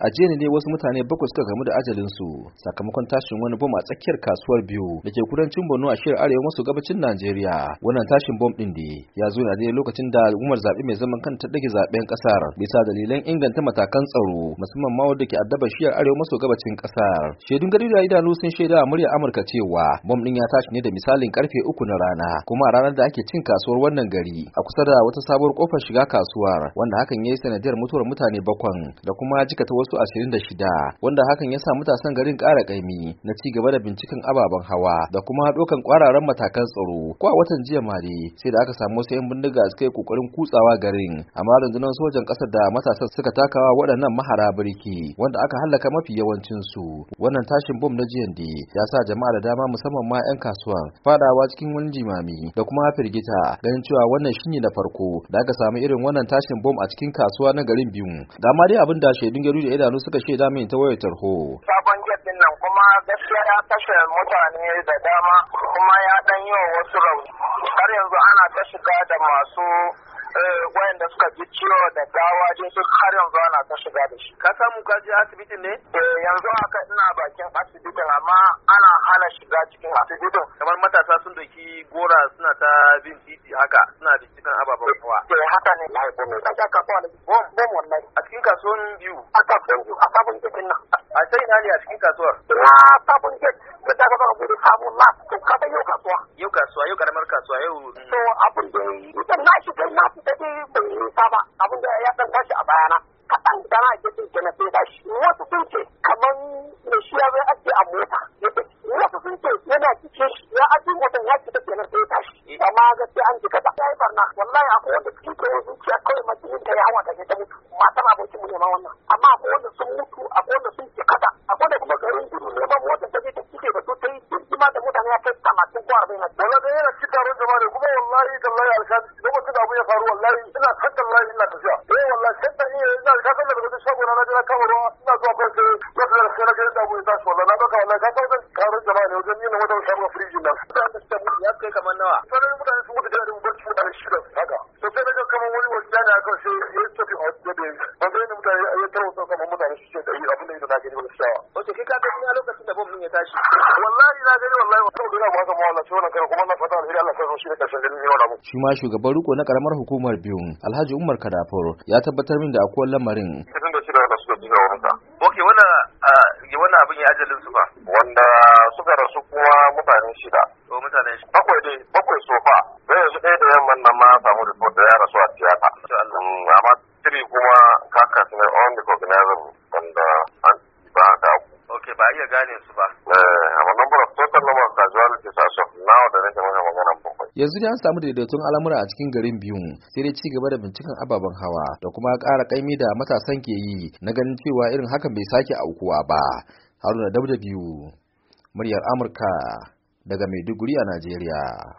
a jiya ne wasu mutane bakwai suka gamu da ajalinsu sakamakon tashin wani bom a tsakiyar kasuwar biyu da ke kudancin borno a shirin arewa maso gabacin najeriya wannan tashin bom din ne ya zo na daidai lokacin da al'ummar zaɓe mai zaman kanta ɗage zaɓen ƙasar bisa dalilan inganta matakan tsaro musamman ma wanda ke addaba shiyar arewa maso gabacin ƙasar shaidun gari da idanu sun shaida a murya amurka cewa bom din ya tashi ne da misalin karfe uku na rana kuma a ranar da ake cin kasuwar wannan gari a kusa da wata sabuwar kofar shiga kasuwar wanda hakan ya yi sanadiyar mutuwar mutane bakwan da kuma jikata wasu su 26 wanda hakan ya sa matasan garin ƙara ƙaimi na ci gaba da binciken ababen hawa da kuma haɗokan ƙwararan matakan tsaro ko a watan jiya mare sai da aka samu wasu 'yan bindiga suka yi ƙoƙarin kutsawa garin amma rundunar sojan ƙasar da matasan suka takawa waɗannan mahara birki wanda aka hallaka mafi yawancin su wannan tashin bom na jiya ya sa jama'a da dama musamman ma 'yan kasuwan fadawa cikin wani jimami da kuma firgita ganin cewa wannan shine na farko da aka samu irin wannan tashin bom a cikin kasuwa na garin biyu da ma dai abin da shaidun gari da idanu suka shaida min ta wayar tarho sabon jet din nan kuma gaskiya ya kashe mutane da dama kuma ya dan yi wasu rauni har yanzu ana ta shiga da masu eh, wayanda suka ji ciwo da gawa jin su har yanzu ana ta shiga da shi ka samu ka je asibitin ne eh, yanzu haka ina bakin asibitin amma ana hana shiga cikin asibitin kamar matasa sun doki gora suna ta bin titi haka suna bincikan ababen kowa. Eh, eh, haka ne na ko mai kaja kasuwa da bom bom wallahi a cikin kasuwan biyu a kasuwan biyu a sabon gate nan a sai na ne a cikin kasuwar na sabon gate da ta gaba gudu sabon lab to ka san yau kasuwa yau kasuwa yau karamar kasuwa yau mm. to abin da mutan na shi kai na fita dai ban yi saba abin da ya dan tashi a bayana kaɗan da na ke cikin na sai shi wasu sun ce kamar me shi ya yi barna wallahi akwai wanda cikin ta yi zuciya kawai majalisar ta ya hawa da ta mutu matan abokin mu ne ma wannan amma akwai wanda sun mutu akwai wanda sun ke kada akwai da kuma garin gudu ne ba wanda ta je ta kike da su ta yi hidima da mutane ya kai tamatin ko arba'in. Wala dai yana cikin taron jama'a ne kuma wallahi tallahi alkan lokacin da abu ya faru wallahi ina kan tallahi ina tafiya. Eh wallahi sai ta iya ina ka san daga cikin shago na jira kawo ruwa ina zuwa kan sai ya fi sai na garin da abu ya tashi wallahi na ɗauka wallahi ka san taron jama'a ne wajen yin wata shago firijin nan. Ya kai kamar nawa. haka sai ya a wajen da ba zai ne mutane na a lokacin da ya tashi. Wallahi na gani wallahi ba ka ka shi da ganin yau Shi ma shugaban riko na karamar hukumar biyun Alhaji Umar Kadafor ya tabbatar min da akwai lamarin. Kisan da shi da su da Ok wannan ya ajalin su Wanda suka rasu kuma mutane shida. Bakwai dai bakwai sofa. ne kuma kakas na on the cognizable wanda an ba da abu. Ok, ba iya gane su ba. Eh, amma number of total number of casualties as of now da nake mana magana bakwai. Yanzu ne an samu daidaiton al'amura a cikin garin biyun sai dai ci gaba da binciken ababen hawa da kuma ƙara kaimi da matasan ke yi na ganin cewa irin hakan bai sake aukuwa ba. Haruna Dabda biyu, muryar Amurka daga Maiduguri a Najeriya.